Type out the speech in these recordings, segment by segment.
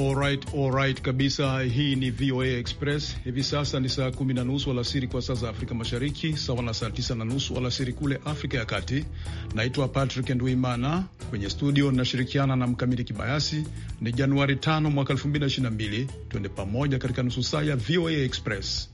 Alright, alright kabisa. Hii ni VOA Express. Hivi sasa ni saa kumi na nusu alasiri kwa saa za Afrika Mashariki, sawa na saa tisa na nusu alasiri kule Afrika ya Kati. Naitwa Patrick Nduimana, kwenye studio ninashirikiana na Mkamili Kibayasi. Ni Januari 5 mwaka 2022. Tuende pamoja katika nusu saa ya VOA Express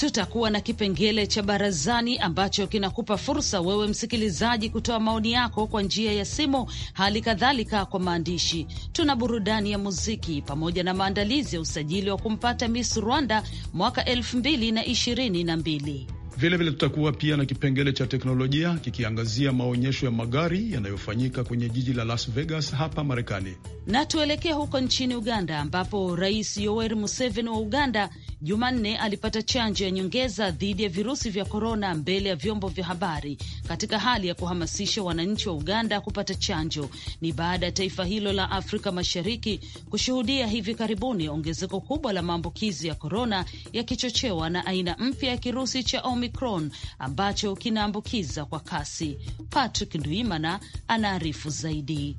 tutakuwa na kipengele cha barazani ambacho kinakupa fursa wewe msikilizaji kutoa maoni yako kwa njia ya simu, hali kadhalika kwa maandishi. Tuna burudani ya muziki pamoja na maandalizi ya usajili wa kumpata Miss Rwanda mwaka elfu mbili na ishirini na mbili. Vilevile tutakuwa pia na kipengele cha teknolojia kikiangazia maonyesho ya magari yanayofanyika kwenye jiji la Las Vegas hapa Marekani. Na tuelekee huko nchini Uganda ambapo Rais Yoweri Museveni wa Uganda Jumanne alipata chanjo ya nyongeza dhidi ya virusi vya korona mbele ya vyombo vya habari katika hali ya kuhamasisha wananchi wa Uganda kupata chanjo. Ni baada ya taifa hilo la Afrika Mashariki kushuhudia hivi karibuni ongezeko kubwa la maambukizi ya korona yakichochewa na aina mpya ya kirusi cha Omicron ambacho kinaambukiza kwa kasi. Patrick Nduimana anaarifu zaidi.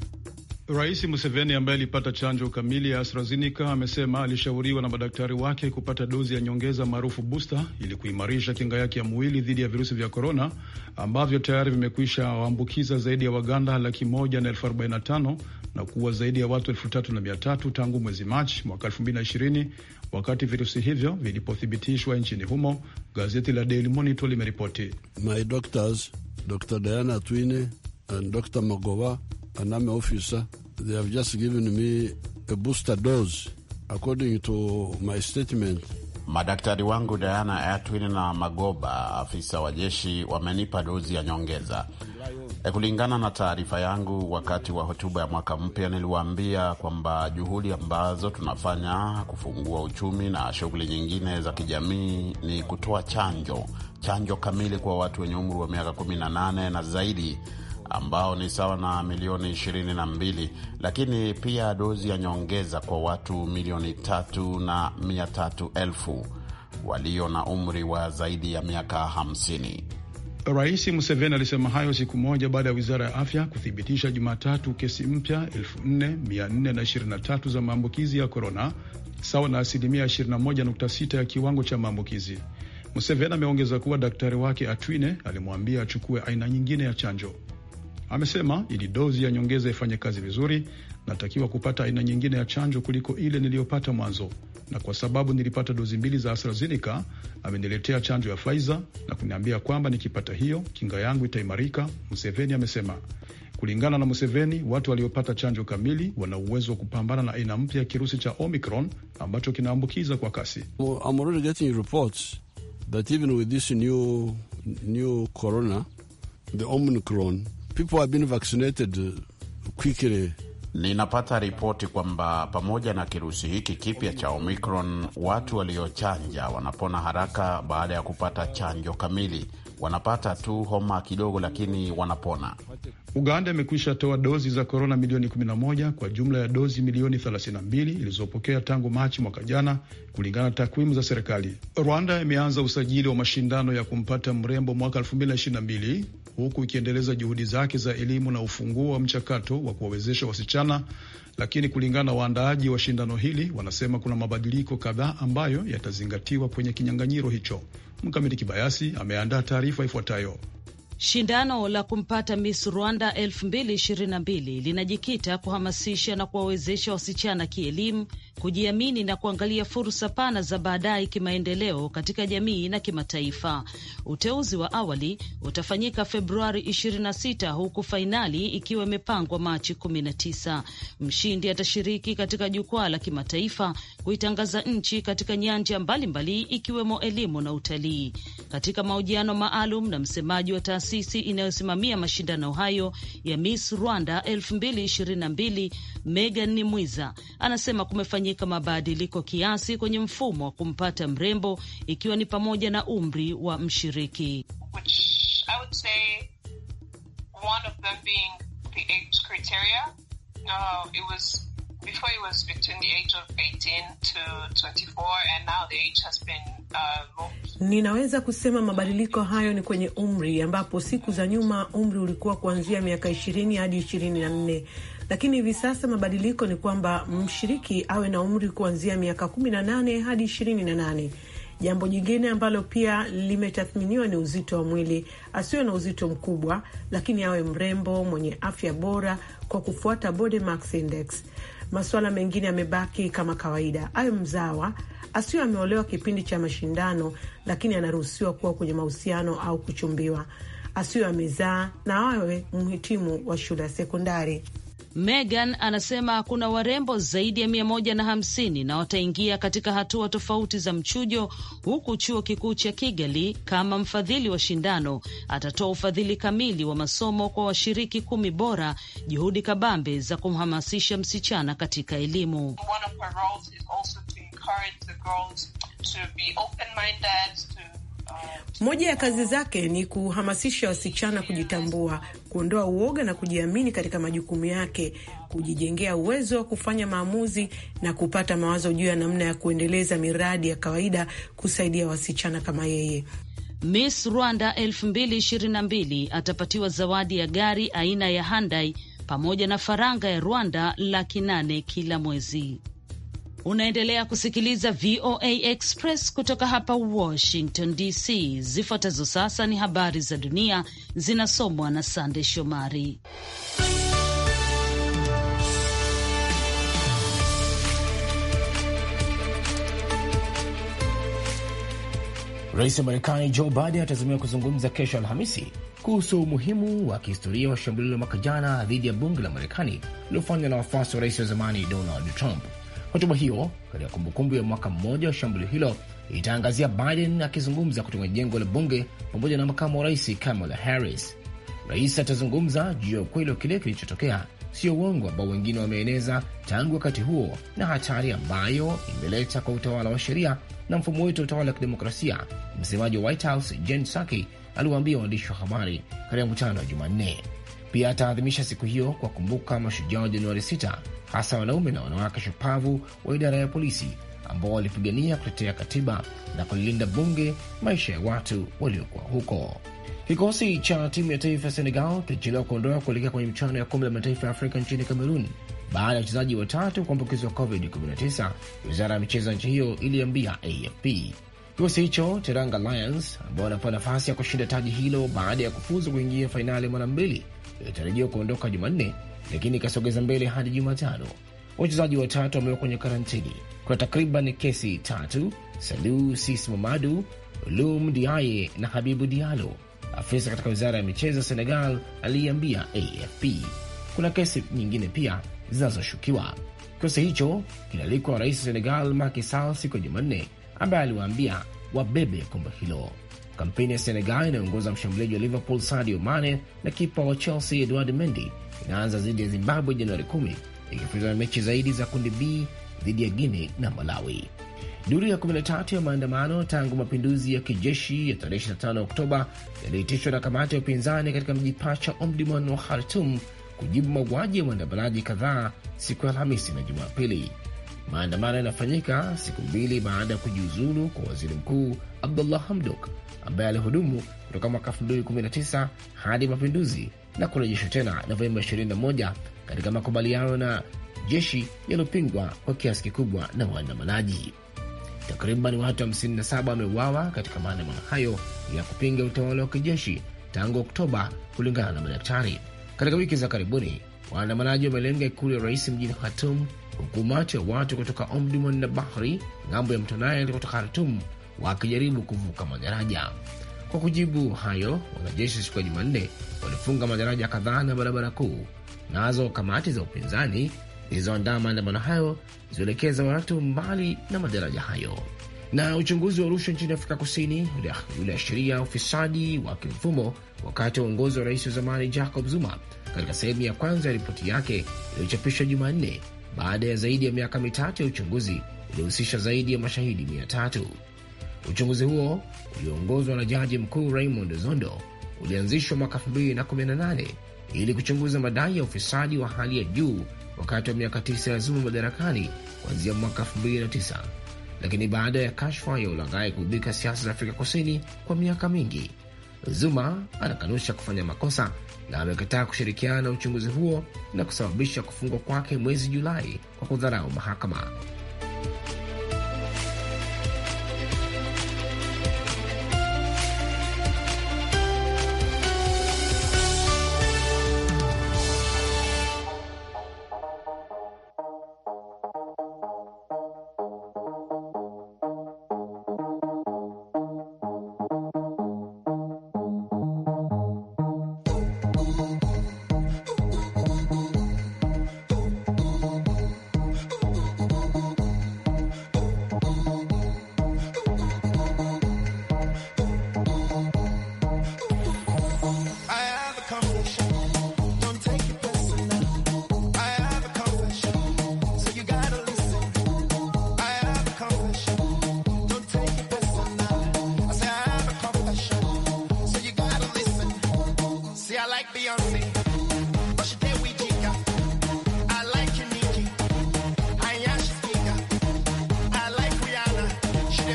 Rais Museveni ambaye alipata chanjo kamili ya AstraZeneca amesema alishauriwa na madaktari wake kupata dozi ya nyongeza maarufu booster ili kuimarisha kinga yake ya mwili dhidi ya virusi vya korona ambavyo tayari vimekwisha waambukiza zaidi ya Waganda laki moja na elfu arobaini na tano na zaidi ya watu elfu tatu na mia tatu tangu mwezi Machi mwaka elfu mbili na ishirini wakati virusi hivyo vilipothibitishwa nchini humo, gazeti la Daily Monitor limeripoti. My doctors, Dr Diana Twine and Dr Magowa, aname ofisa They have just given me a booster dose according to my statement. Madaktari wangu Diana Atwin na Magoba, afisa wa jeshi, wamenipa dozi ya nyongeza. E, kulingana na taarifa yangu wakati wa hotuba ya mwaka mpya, niliwaambia kwamba juhudi ambazo tunafanya kufungua uchumi na shughuli nyingine za kijamii ni kutoa chanjo, chanjo kamili kwa watu wenye umri wa miaka 18 na zaidi ambao ni sawa na milioni 22, lakini pia dozi ya nyongeza kwa watu milioni tatu na mia tatu elfu walio na umri wa zaidi ya miaka 50. Rais Museveni alisema hayo siku moja baada ya wizara ya afya kuthibitisha Jumatatu kesi mpya 4423 za maambukizi ya korona, sawa na asilimia 21.6 ya kiwango cha maambukizi. Museveni ameongeza kuwa daktari wake Atwine alimwambia achukue aina nyingine ya chanjo. Amesema ili dozi ya nyongeza ifanye kazi vizuri, natakiwa kupata aina nyingine ya chanjo kuliko ile niliyopata mwanzo, na kwa sababu nilipata dozi mbili za AstraZeneca, ameniletea chanjo ya Pfizer na kuniambia kwamba nikipata hiyo kinga yangu itaimarika, Museveni amesema. Kulingana na Museveni, watu waliopata chanjo kamili wana uwezo wa kupambana na aina mpya ya kirusi cha Omicron ambacho kinaambukiza kwa kasi. Well, people have been vaccinated uh, quickly. Ninapata ripoti kwamba pamoja na kirusi hiki kipya cha Omicron, watu waliochanja wanapona haraka baada ya kupata chanjo kamili. Wanapata tu homa kidogo, lakini wanapona. Uganda imekwisha toa dozi za korona milioni 11 kwa jumla ya dozi milioni 32 ilizopokea tangu Machi mwaka jana, kulingana na takwimu za serikali. Rwanda imeanza usajili wa mashindano ya kumpata mrembo mwaka 2022 huku ikiendeleza juhudi zake za elimu na ufunguo wa mchakato wa kuwawezesha wasichana, lakini kulingana na waandaaji wa shindano hili, wanasema kuna mabadiliko kadhaa ambayo yatazingatiwa kwenye kinyang'anyiro hicho. Mkamiti Kibayasi ameandaa taarifa ifuatayo. Shindano la kumpata Miss Rwanda 2022 linajikita kuhamasisha na kuwawezesha wasichana kielimu kujiamini na kuangalia fursa pana za baadaye kimaendeleo katika jamii na kimataifa. Uteuzi wa awali utafanyika Februari 26 huku fainali ikiwa imepangwa Machi 19. Mshindi atashiriki katika jukwaa la kimataifa kuitangaza nchi katika nyanja mbalimbali ikiwemo elimu na utalii. Katika mahojiano maalum na msemaji wa taasisi inayosimamia mashindano hayo ya Miss Rwanda 2022 Megan Nimwiza anasema kumefanya kufanyika mabadiliko kiasi kwenye mfumo wa kumpata mrembo, ikiwa ni pamoja na umri wa mshiriki. Uh, uh, Ninaweza kusema mabadiliko hayo ni kwenye umri, ambapo siku za nyuma umri ulikuwa kuanzia miaka ishirini hadi ishirini na nne lakini hivi sasa mabadiliko ni kwamba mshiriki awe na umri kuanzia miaka 18 hadi 28. Jambo jingine ambalo pia limetathminiwa ni uzito wa mwili. Asiwe na uzito mkubwa, lakini awe mrembo, mwenye afya bora kwa kufuata Body Mass Index. Masuala mengine yamebaki kama kawaida. Awe mzawa, asiwe ameolewa kipindi cha mashindano, lakini anaruhusiwa kuwa kwenye mahusiano au kuchumbiwa. Asiwe amezaa na awe mhitimu wa shule ya sekondari. Megan anasema kuna warembo zaidi ya mia moja na hamsini na wataingia katika hatua tofauti za mchujo, huku chuo kikuu cha Kigali kama mfadhili wa shindano atatoa ufadhili kamili wa masomo kwa washiriki kumi bora, juhudi kabambe za kumhamasisha msichana katika elimu. Moja ya kazi zake ni kuhamasisha wasichana kujitambua, kuondoa uoga na kujiamini katika majukumu yake, kujijengea uwezo wa kufanya maamuzi na kupata mawazo juu ya namna ya kuendeleza miradi ya kawaida kusaidia wasichana kama yeye. Miss Rwanda 2022 atapatiwa zawadi ya gari aina ya Hyundai pamoja na faranga ya Rwanda laki nane kila mwezi. Unaendelea kusikiliza VOA Express kutoka hapa Washington DC. Zifuatazo sasa ni habari za dunia zinasomwa na Sande Shomari. Rais wa Marekani Joe Biden atazamia kuzungumza kesho Alhamisi kuhusu umuhimu wa kihistoria wa shambulio la mwaka jana dhidi ya bunge la Marekani lililofanywa na wafuasi wa rais wa zamani Donald Trump. Hotuba hiyo katika kumbukumbu ya mwaka mmoja wa shambulio hilo itaangazia Biden akizungumza kutoka jengo la bunge pamoja na makamu wa rais Kamala Harris. Rais atazungumza juu ya ukweli wa kile kilichotokea, sio uongo ambao wengine wameeneza tangu wakati huo, na hatari ambayo imeleta kwa utawala wa sheria na mfumo wetu wa utawala wa kidemokrasia. Msemaji wa White House Jen Psaki aliwaambia waandishi wa habari katika mkutano wa Jumanne. Pia ataadhimisha siku hiyo kwa kumbuka mashujaa wa Januari 6, hasa wanaume na wanawake shupavu wa idara ya polisi ambao walipigania kutetea katiba na kulilinda bunge, maisha ya watu waliokuwa huko. Kikosi cha timu ya taifa ya Senegal kilichelewa kuondoka kuelekea kwenye michuano ya kombe la mataifa ya Afrika nchini Kamerun baada ya wachezaji watatu kuambukizwa COVID-19, wizara ya michezo ya nchi hiyo iliambia AFP. Kikosi hicho Teranga Lions, ambao wanapewa nafasi ya kushinda taji hilo baada ya kufuzu kuingia fainali mara mbili, ilitarajiwa kuondoka Jumanne lakini ikasogeza mbele hadi Jumatano. Wachezaji watatu wamewekwa kwenye karantini. Kuna takriban kesi tatu: Salu Sis Mamadu, Lum Diaye na Habibu dialo Afisa katika wizara ya michezo Senegal aliiambia AFP kuna kesi nyingine pia zinazoshukiwa. Kikosi hicho kinalikwa rais wa Senegal Macky Sall siku ya Jumanne ambaye aliwaambia wabebe kombe hilo. Kampeni ya Senegal inayoongoza mshambuliaji wa Liverpool Sadio Mane na kipa wa Chelsea Edward Mendy inaanza dhidi ya Zimbabwe Januari 10 ikifuatwa na mechi zaidi za kundi B dhidi ya Guinea na Malawi. Duru ya 13 ya maandamano tangu mapinduzi ya kijeshi ya tarehe 25 Oktoba yaliyoitishwa na kamati ya upinzani katika mji pacha Omdurman wa Khartum kujibu mauaji ya waandamanaji kadhaa siku ya Alhamisi na Jumapili. Maandamano yanafanyika siku mbili baada ya kujiuzulu kwa waziri mkuu Abdullah Hamdok ambaye alihudumu kutoka mwaka 2019 hadi mapinduzi na kurejeshwa tena Novemba 21 katika makubaliano na jeshi yaliyopingwa kwa kiasi kikubwa na waandamanaji. Takriban watu 57 wameuawa katika maandamano hayo ya kupinga utawala wa kijeshi tangu Oktoba, kulingana na madaktari. Katika wiki za karibuni, waandamanaji wamelenga ikulu ya rais mjini Khartoum huku umati wa watu kutoka Omdurman na Bahri ng'ambo ya mto Nile kutoka Khartum wakijaribu kuvuka madaraja. Kwa kujibu hayo, wanajeshi siku ya Jumanne walifunga madaraja kadhaa na barabara kuu. Nazo kamati za upinzani zilizoandaa maandamano hayo zilielekeza watu mbali na madaraja hayo. Na uchunguzi wa rushwa nchini Afrika Kusini uliashiria ufisadi wa kimfumo wakati wa uongozi wa rais wa zamani Jacob Zuma, katika sehemu ya kwanza ya ripoti yake iliyochapishwa Jumanne baada ya zaidi ya miaka mitatu ya uchunguzi uliohusisha zaidi ya mashahidi mia tatu. Uchunguzi huo ulioongozwa na jaji mkuu Raymond Zondo ulianzishwa mwaka 2018 ili kuchunguza madai ya ufisadi wa hali ya juu wakati wa miaka tisa ya Zuma madarakani kuanzia mwaka 2009, lakini baada ya kashfa ya ulaghai kugubika siasa za Afrika Kusini kwa miaka mingi, Zuma anakanusha kufanya makosa na amekataa kushirikiana na uchunguzi huo na kusababisha kufungwa kwake mwezi Julai kwa kudharau mahakama.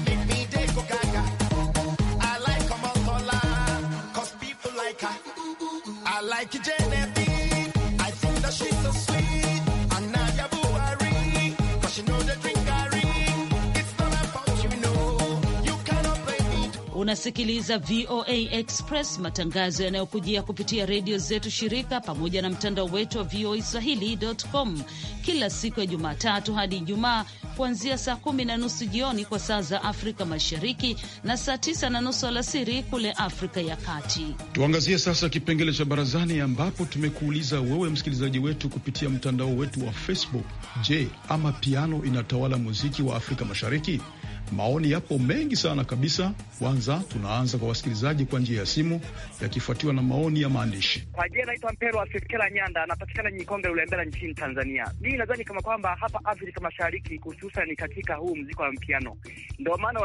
make me Unasikiliza VOA Express, matangazo yanayokujia kupitia redio zetu shirika pamoja na mtandao wetu wa VOA Swahili.com kila siku ya Jumatatu hadi Ijumaa kuanzia saa kumi na nusu jioni kwa saa za Afrika Mashariki na saa tisa na nusu alasiri kule Afrika ya Kati. Tuangazie sasa kipengele cha barazani, ambapo tumekuuliza wewe msikilizaji wetu kupitia mtandao wetu wa Facebook. Je, ama piano inatawala muziki wa Afrika Mashariki? Maoni yapo mengi sana kabisa. Kwanza tunaanza kwa wasikilizaji kwa njia ya simu, yakifuatiwa na maoni ya maandishi. Kwa jina naitwa Mpero Asifikela Nyanda, anapatikana Nyikonge Ulembela nchini Tanzania. Mimi nadhani kama kwamba hapa Afrika Mashariki, hususani katika huu mziki wa mpiano, ndio maana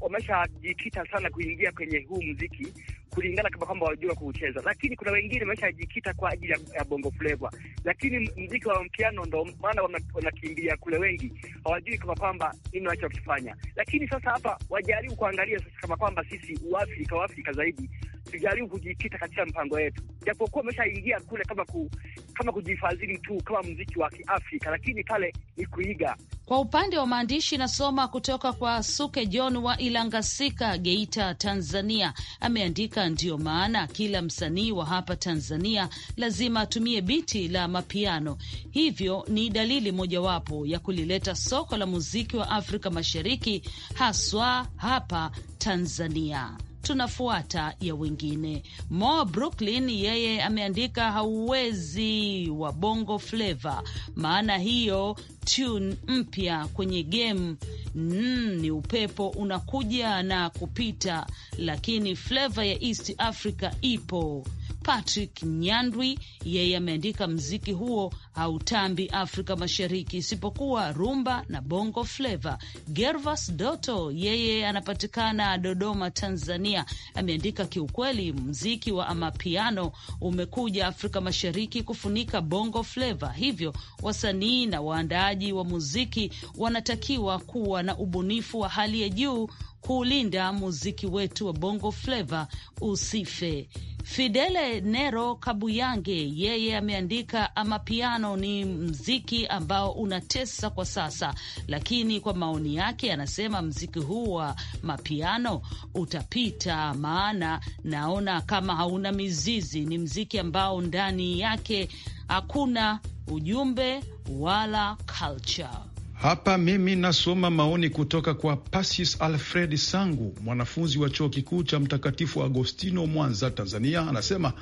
wameshajikita sana kuingia kwenye huu mziki kulingana kama kwamba wajua kuucheza, lakini kuna wengine wameshajikita kwa ajili ya bongo fleva lakini mziki wa mpiano ndo maana wanakimbia kule, wengi hawajui kama kwamba nini wanachokifanya. Lakini sasa hapa wajaribu kuangalia sasa kama kwamba sisi Uafrika, Waafrika zaidi tujaribu kujikita katika mpango yetu, japokuwa ameshaingia kule kama ku, kama kujifadhili tu kama mziki wa Kiafrika, lakini pale ni kuiga. Kwa upande wa maandishi, nasoma kutoka kwa Suke John wa Ilangasika, Geita, Tanzania. Ameandika, ndiyo maana kila msanii wa hapa Tanzania lazima atumie biti la mapiano, hivyo ni dalili mojawapo ya kulileta soko la muziki wa Afrika Mashariki, haswa hapa Tanzania tunafuata ya wengine. Mo Brooklyn yeye ameandika hauwezi wa bongo flava, maana hiyo tune mpya kwenye game mm, ni upepo unakuja na kupita, lakini flava ya East Africa ipo Patrick Nyandwi, yeye ameandika mziki huo hautambi Afrika Mashariki isipokuwa rumba na bongo fleva. Gervas Doto yeye anapatikana Dodoma, Tanzania, ameandika kiukweli, mziki wa amapiano umekuja Afrika Mashariki kufunika bongo fleva, hivyo wasanii na waandaaji wa muziki wanatakiwa kuwa na ubunifu wa hali ya juu kuulinda muziki wetu wa bongo fleva usife. Fidele Nero Kabuyange yeye ameandika, amapiano ni mziki ambao unatesa kwa sasa, lakini kwa maoni yake anasema mziki huu wa mapiano utapita, maana naona kama hauna mizizi. Ni mziki ambao ndani yake hakuna ujumbe wala culture. Hapa mimi nasoma maoni kutoka kwa Pasis Alfred Sangu, mwanafunzi wa chuo kikuu cha Mtakatifu Agostino Mwanza, Tanzania. Anasema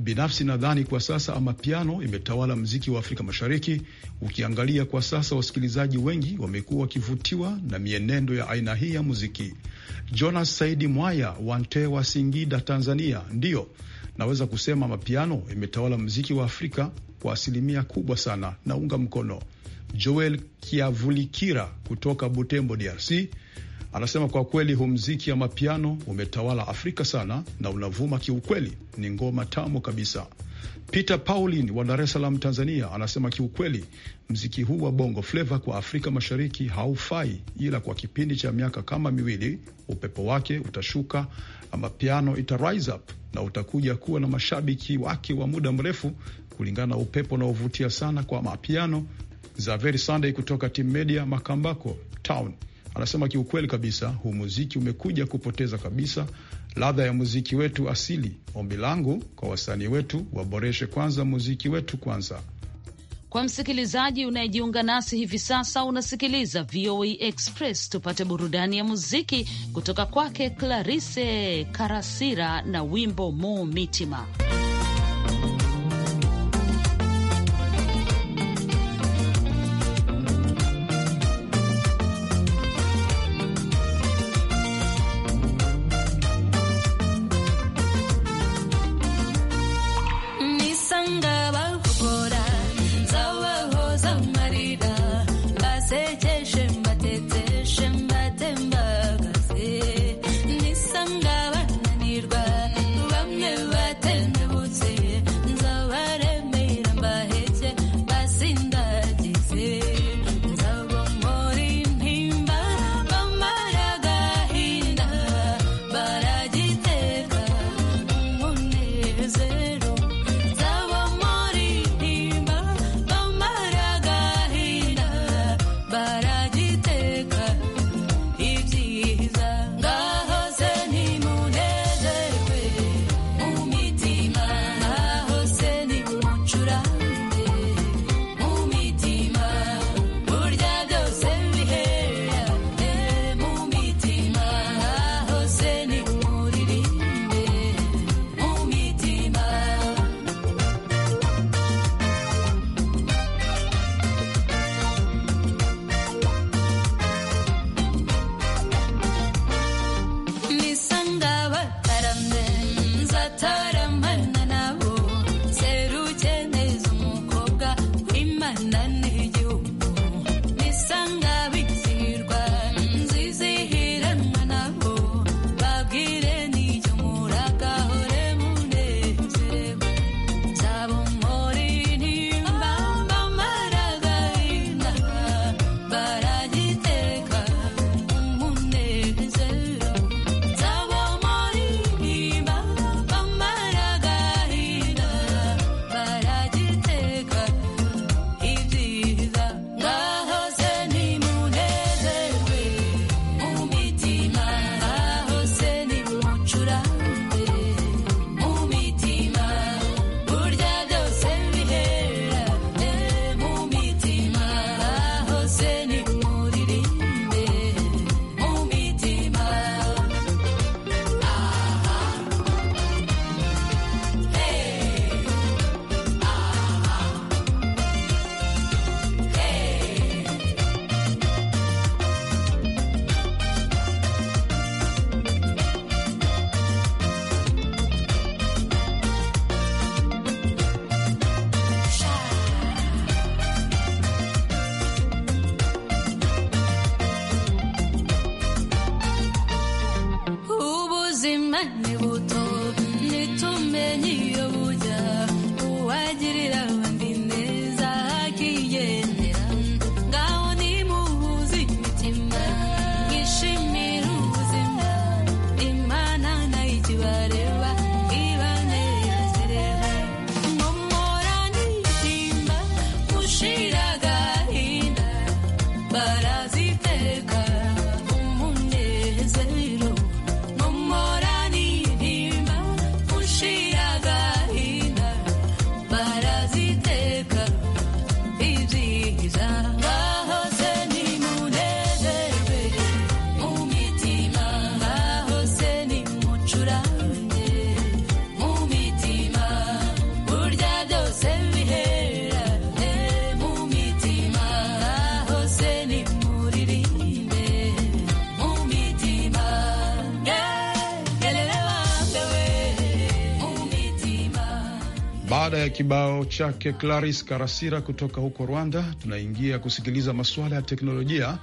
binafsi nadhani kwa sasa amapiano imetawala mziki wa Afrika Mashariki. Ukiangalia kwa sasa, wasikilizaji wengi wamekuwa wakivutiwa na mienendo ya aina hii ya muziki. Jonas Saidi Mwaya Wante wa Singida, Tanzania: ndiyo naweza kusema mapiano imetawala mziki wa Afrika kwa asilimia kubwa sana, naunga mkono Joel Kiavulikira kutoka Butembo, DRC, anasema kwa kweli hu mziki ya mapiano umetawala Afrika sana na unavuma kiukweli, ni ngoma tamu kabisa. Peter Paulin wa Dar es Salaam, Tanzania, anasema kiukweli mziki huu wa bongo fleva kwa Afrika Mashariki haufai, ila kwa kipindi cha miaka kama miwili upepo wake utashuka na mapiano ita rise up na utakuja kuwa na mashabiki wake wa muda mrefu kulingana na upepo unaovutia sana kwa mapiano Zaveri Sunday kutoka Team Media Makambako Town anasema kiukweli kabisa, huu muziki umekuja kupoteza kabisa ladha ya muziki wetu asili. Ombi langu kwa wasanii wetu, waboreshe kwanza muziki wetu kwanza. Kwa msikilizaji unayejiunga nasi hivi sasa, unasikiliza VOA Express. Tupate burudani ya muziki kutoka kwake Clarisse Karasira na wimbo mo Mitima. kibao chake Claris Karasira kutoka huko Rwanda, tunaingia kusikiliza masuala ya teknolojia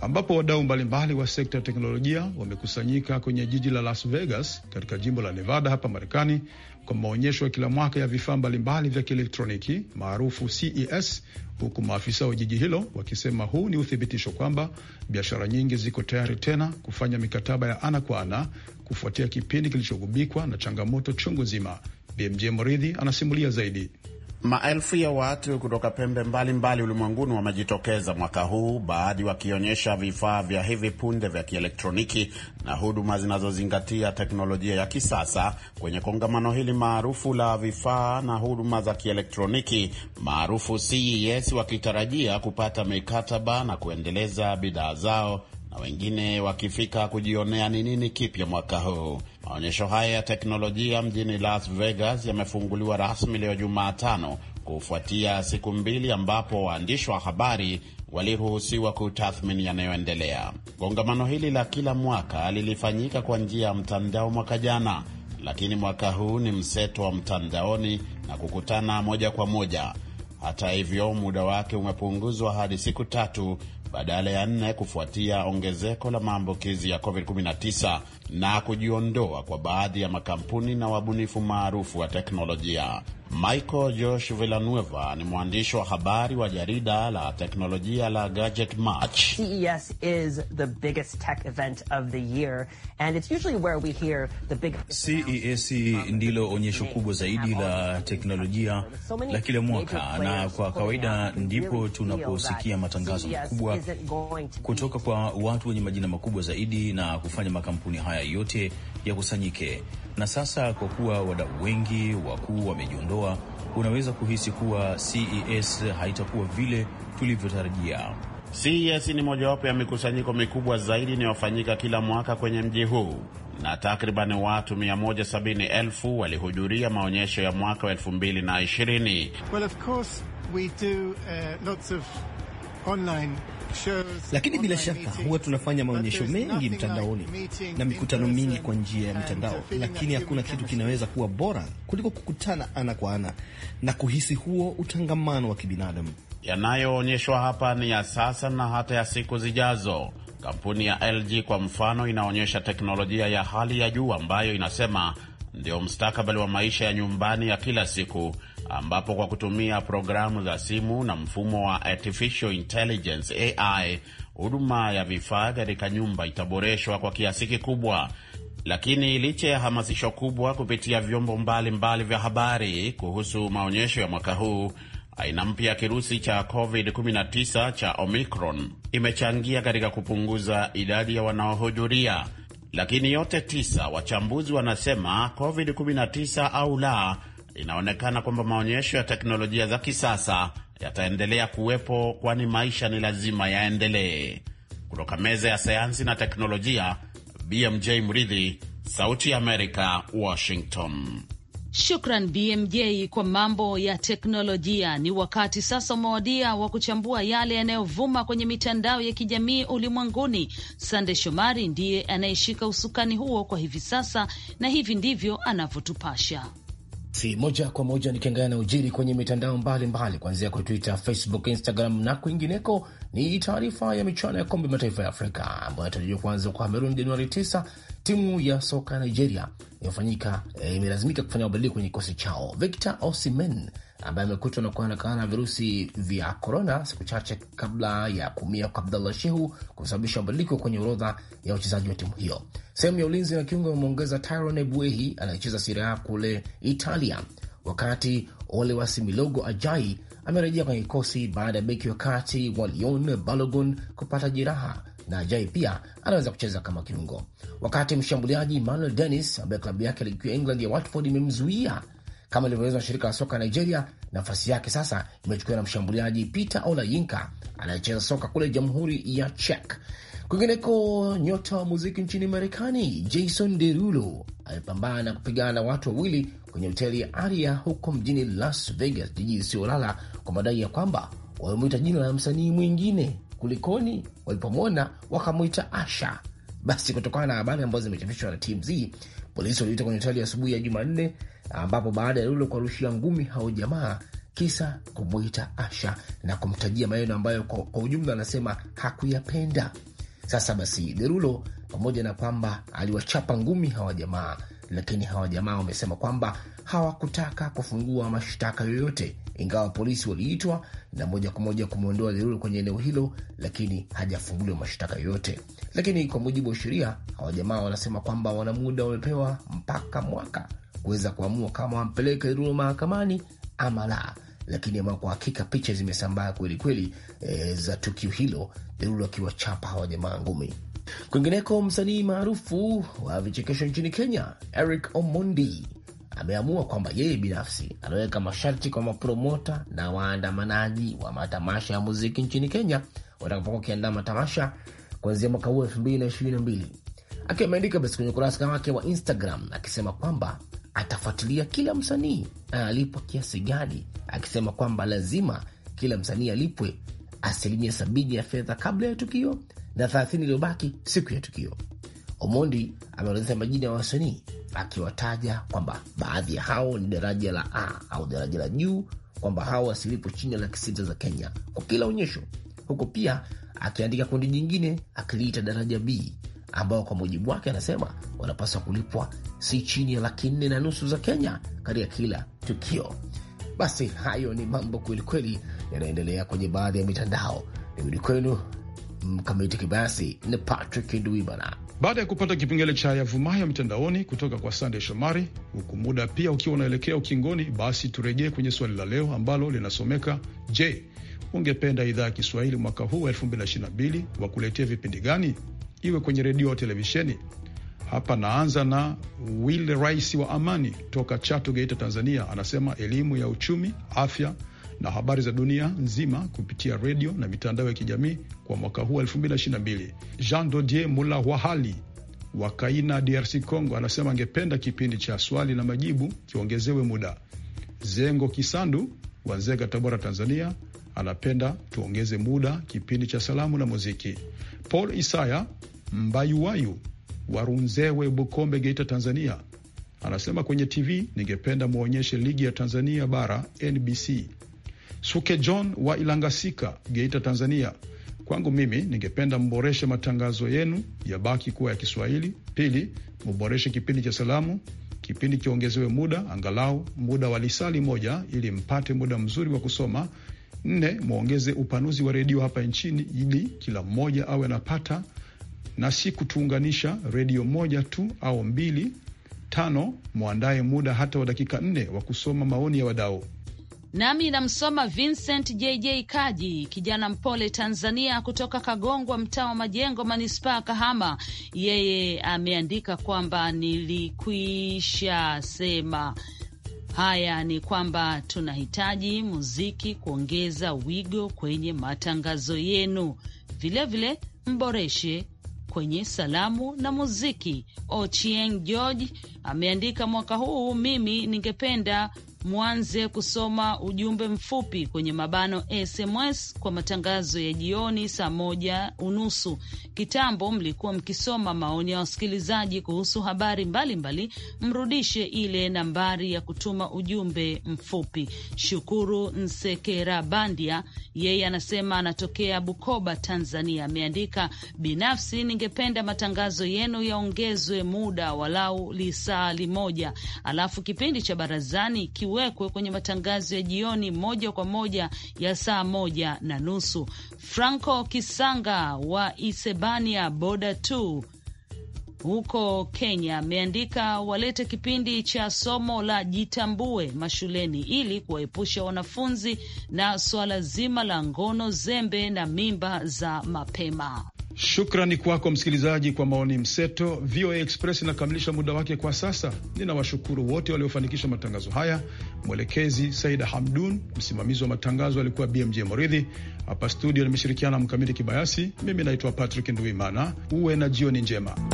ambapo wadau mbalimbali wa sekta ya teknolojia wamekusanyika kwenye jiji la Las Vegas katika jimbo la Nevada hapa Marekani kwa maonyesho ya kila mwaka ya vifaa mbalimbali vya kielektroniki maarufu CES, huku maafisa wa jiji hilo wakisema huu ni uthibitisho kwamba biashara nyingi ziko tayari tena kufanya mikataba ya ana kwa ana kufuatia kipindi kilichogubikwa na changamoto chungu nzima. BMJ Mridhi anasimulia zaidi. Maelfu ya watu kutoka pembe mbalimbali ulimwenguni wamejitokeza mwaka huu, baadhi wakionyesha vifaa vya hivi punde vya kielektroniki na huduma zinazozingatia teknolojia ya kisasa kwenye kongamano hili maarufu la vifaa na huduma za kielektroniki maarufu CES, wakitarajia kupata mikataba na kuendeleza bidhaa zao na wengine wakifika kujionea ni nini kipya mwaka huu. Maonyesho haya ya teknolojia mjini Las Vegas yamefunguliwa rasmi leo Jumatano kufuatia siku mbili ambapo waandishi wa habari waliruhusiwa kutathmini yanayoendelea. Kongamano hili la kila mwaka lilifanyika kwa njia ya mtandao mwaka jana, lakini mwaka huu ni mseto wa mtandaoni na kukutana moja kwa moja. Hata hivyo, muda wake umepunguzwa hadi siku tatu badala ya nne kufuatia ongezeko la maambukizi ya COVID-19 na kujiondoa kwa baadhi ya makampuni na wabunifu maarufu wa teknolojia. Michael Josh Villanueva ni mwandishi wa habari wa jarida la teknolojia la Gadget March. CES is the biggest tech event of the year and it's usually where we hear the big CES ndilo onyesho kubwa zaidi la teknolojia la kila mwaka na kwa kawaida ndipo tunaposikia matangazo e makubwa kutoka kwa watu wenye majina makubwa zaidi na kufanya makampuni haya yote yakusanyike. Na sasa kwa kuwa wadau wengi wakuu wamejiondoa kuondoa, unaweza kuhisi kuwa CES haitakuwa vile tulivyotarajia. CES ni mojawapo ya mikusanyiko mikubwa zaidi inayofanyika kila mwaka kwenye mji huu na takriban watu 170,000 walihudhuria maonyesho ya mwaka wa 2020. Well, of course we do, uh, lots of online lakini bila shaka huwa tunafanya maonyesho mengi mtandaoni na mikutano mingi kwa njia ya mitandao, lakini hakuna kitu kinaweza kuwa bora kuliko kukutana ana kwa ana na kuhisi huo utangamano wa kibinadamu. Yanayoonyeshwa hapa ni ya sasa na hata ya siku zijazo. Kampuni ya LG kwa mfano inaonyesha teknolojia ya hali ya juu ambayo inasema ndio mstakabali wa maisha ya nyumbani ya kila siku, ambapo kwa kutumia programu za simu na mfumo wa artificial intelligence AI, huduma ya vifaa katika nyumba itaboreshwa kwa kiasi kikubwa. Lakini licha ya hamasisho kubwa kupitia vyombo mbalimbali mbali vya habari kuhusu maonyesho ya mwaka huu, aina mpya ya kirusi cha COVID-19 cha Omicron imechangia katika kupunguza idadi ya wanaohudhuria lakini yote tisa, wachambuzi wanasema COVID-19 au la, inaonekana kwamba maonyesho ya teknolojia za kisasa yataendelea kuwepo, kwani maisha ni lazima yaendelee. Kutoka meza ya sayansi na teknolojia, BMJ Mridhi, Sauti ya Amerika, Washington. Shukran BMJ kwa mambo ya teknolojia. Ni wakati sasa umewadia wa kuchambua yale yanayovuma kwenye mitandao ya kijamii ulimwenguni. Sande Shomari ndiye anayeshika usukani huo kwa hivi sasa, na hivi ndivyo anavyotupasha. Basi moja kwa moja nikiangalia na ujiri kwenye mitandao mbalimbali, kuanzia kwa Twitter, Facebook, Instagram na kwingineko. Ni taarifa ya michuano ya kombe mataifa ya Afrika ambayo inatarajiwa kuanza kwa Kamerun Januari 9. Timu ya soka ya Nigeria imelazimika eh, imelazimika kufanya mabadiliko kwenye kikosi chao. Victor Osimhen ambaye amekutwa na kuonekana na virusi vya korona siku chache kabla ya kuumia kwa Abdallah Shehu kusababisha mabadiliko kwenye orodha ya wachezaji wa timu hiyo. Sehemu ya ulinzi na kiungo ameongeza Tyron Ebuehi anayecheza Serie A kule Italia, wakati Ole Wasimilogo Ajai amerejea kwenye kikosi baada ya beki wa kati wa Lyon Balogun kupata jeraha na Ajai pia anaweza kucheza kama kiungo, wakati mshambuliaji Manuel Dennis ambaye klabu yake ya England ya Watford imemzuia kama ilivyoelezwa na shirika la soka Nigeria. Nafasi yake sasa imechukuliwa na mshambuliaji Peter Olayinka anayecheza soka kule Jamhuri ya Czech. Kwingineko, nyota wa muziki nchini Marekani Jason Derulo amepambana na kupigana na watu wawili kwenye hoteli ya Aria huko mjini Las Vegas, jiji lisiolala, kwa madai ya kwamba wamemwita jina la msanii mwingine. Kulikoni? Walipomwona wakamwita Asha. Basi kutokana na habari ambazo zimechapishwa na TMZ, Polisi waliita kwenye hospitali asubuhi ya Jumanne, ambapo baada ya Lula kuwarushia ngumi hao jamaa kisa kumwita Asha na kumtajia maneno ambayo kwa, kwa ujumla anasema hakuyapenda. Sasa basi Derulo, pamoja na kwamba aliwachapa ngumi hawa jamaa, lakini hawa jamaa wamesema kwamba hawakutaka kufungua mashtaka yoyote ingawa polisi waliitwa na moja kwa moja kumwondoa Lerur kwenye eneo hilo, lakini hajafunguliwa mashtaka yoyote. Lakini kwa mujibu wa sheria, hawa jamaa wanasema kwamba wana muda wamepewa mpaka mwaka kuweza kuamua kama wampeleke Lerur mahakamani ama la. Lakini ama kwa hakika picha zimesambaa kweli kweli, e, za tukio hilo, Lerur akiwachapa hawa jamaa ngumi. Kwingineko, msanii maarufu wa vichekesho nchini Kenya Eric Omondi ameamua kwamba yeye binafsi anaweka masharti kwa mapromota na waandamanaji wa matamasha ya muziki nchini Kenya watakapokuwa wakiandaa matamasha kuanzia mwaka huu elfu mbili na ishirini na mbili akiwa ameandika basi kwenye ukurasa wake wa Instagram akisema kwamba atafuatilia kila msanii analipwa kiasi gani, akisema kwamba lazima kila msanii alipwe asilimia sabini ya fedha kabla ya tukio na thelathini iliyobaki siku ya tukio. Omondi ameelezea majina ya wasanii akiwataja kwamba baadhi ya hao ni daraja la A au daraja la juu, kwamba hao wasilipo chini ya laki sita za Kenya kwa kila onyesho, huku pia akiandika kundi jingine akiliita daraja B ambao kwa mujibu wake anasema wanapaswa kulipwa si chini ya laki nne na nusu za Kenya katika kila tukio. Basi hayo ni mambo kwelikweli yanaendelea kwenye baadhi ya mitandao. Ni kwenu Mkamiti Kibayasi na Patrick Nduwimana baada ya kupata kipengele cha yavumayo mitandaoni kutoka kwa sandey Shomari, huku muda pia ukiwa unaelekea ukingoni, basi turejee kwenye swali la leo ambalo linasomeka: Je, ungependa idhaa ya Kiswahili mwaka huu wa 2022 wakuletea vipindi gani, iwe kwenye redio au televisheni? Hapa naanza na Will Rais wa Amani toka Chato, Geita, Tanzania, anasema elimu ya uchumi, afya na habari za dunia nzima kupitia redio na mitandao ya kijamii kwa mwaka huu 2022. Jean Dodier Mula Wahali wa Kaina, DRC Congo, anasema angependa kipindi cha swali na majibu kiongezewe muda. Zengo Kisandu wa Nzega, Tabora, Tanzania, anapenda tuongeze muda kipindi cha salamu na muziki. Paul Isaya Mbayuwayu Warunzewe, Bukombe, Geita, Tanzania, anasema kwenye TV ningependa mwonyeshe ligi ya Tanzania bara NBC Suke John wa Ilangasika, Geita, Tanzania. Kwangu mimi ningependa mboreshe matangazo yenu yabaki kuwa ya Kiswahili. Pili, mboreshe kipindi cha salamu. Kipindi kiongezewe muda, angalau muda wa lisali moja, ili mpate muda mzuri wa kusoma. Nne, mwongeze upanuzi wa redio hapa nchini, ili kila mmoja awe anapata na si kutuunganisha redio moja tu au mbili. Tano, mwandaye muda hata wa dakika nne wa kusoma maoni ya wadau nami namsoma Vincent JJ Kaji, kijana mpole Tanzania kutoka Kagongwa, mtaa wa Majengo, manispaa Kahama. Yeye ameandika kwamba nilikwisha sema haya ni kwamba tunahitaji muziki kuongeza wigo kwenye matangazo yenu, vilevile vile mboreshe kwenye salamu na muziki. Ochieng George ameandika mwaka huu, mimi ningependa mwanze kusoma ujumbe mfupi kwenye mabano SMS kwa matangazo ya jioni saa moja unusu. Kitambo mlikuwa mkisoma maoni ya wasikilizaji kuhusu habari mbalimbali mbali, mrudishe ile nambari ya kutuma ujumbe mfupi. Shukuru Nsekerabandia yeye anasema anatokea Bukoba, Tanzania. Ameandika, binafsi ningependa matangazo yenu yaongezwe muda walau lisaa limoja, alafu kipindi cha barazani ki tuwekwe kwenye matangazo ya jioni moja kwa moja ya saa moja na nusu. Franco Kisanga wa Isebania Boda t huko Kenya ameandika walete kipindi cha somo la jitambue mashuleni ili kuwaepusha wanafunzi na suala zima la ngono, zembe na mimba za mapema. Shukrani kwako msikilizaji kwa maoni mseto. VOA Express inakamilisha muda wake kwa sasa. Ninawashukuru wote waliofanikisha matangazo haya, mwelekezi Saida Hamdun, msimamizi wa matangazo alikuwa BMJ Moridhi. Hapa studio nimeshirikiana Mkamiti Kibayasi. Mimi naitwa Patrick Nduimana. Uwe na jioni njema.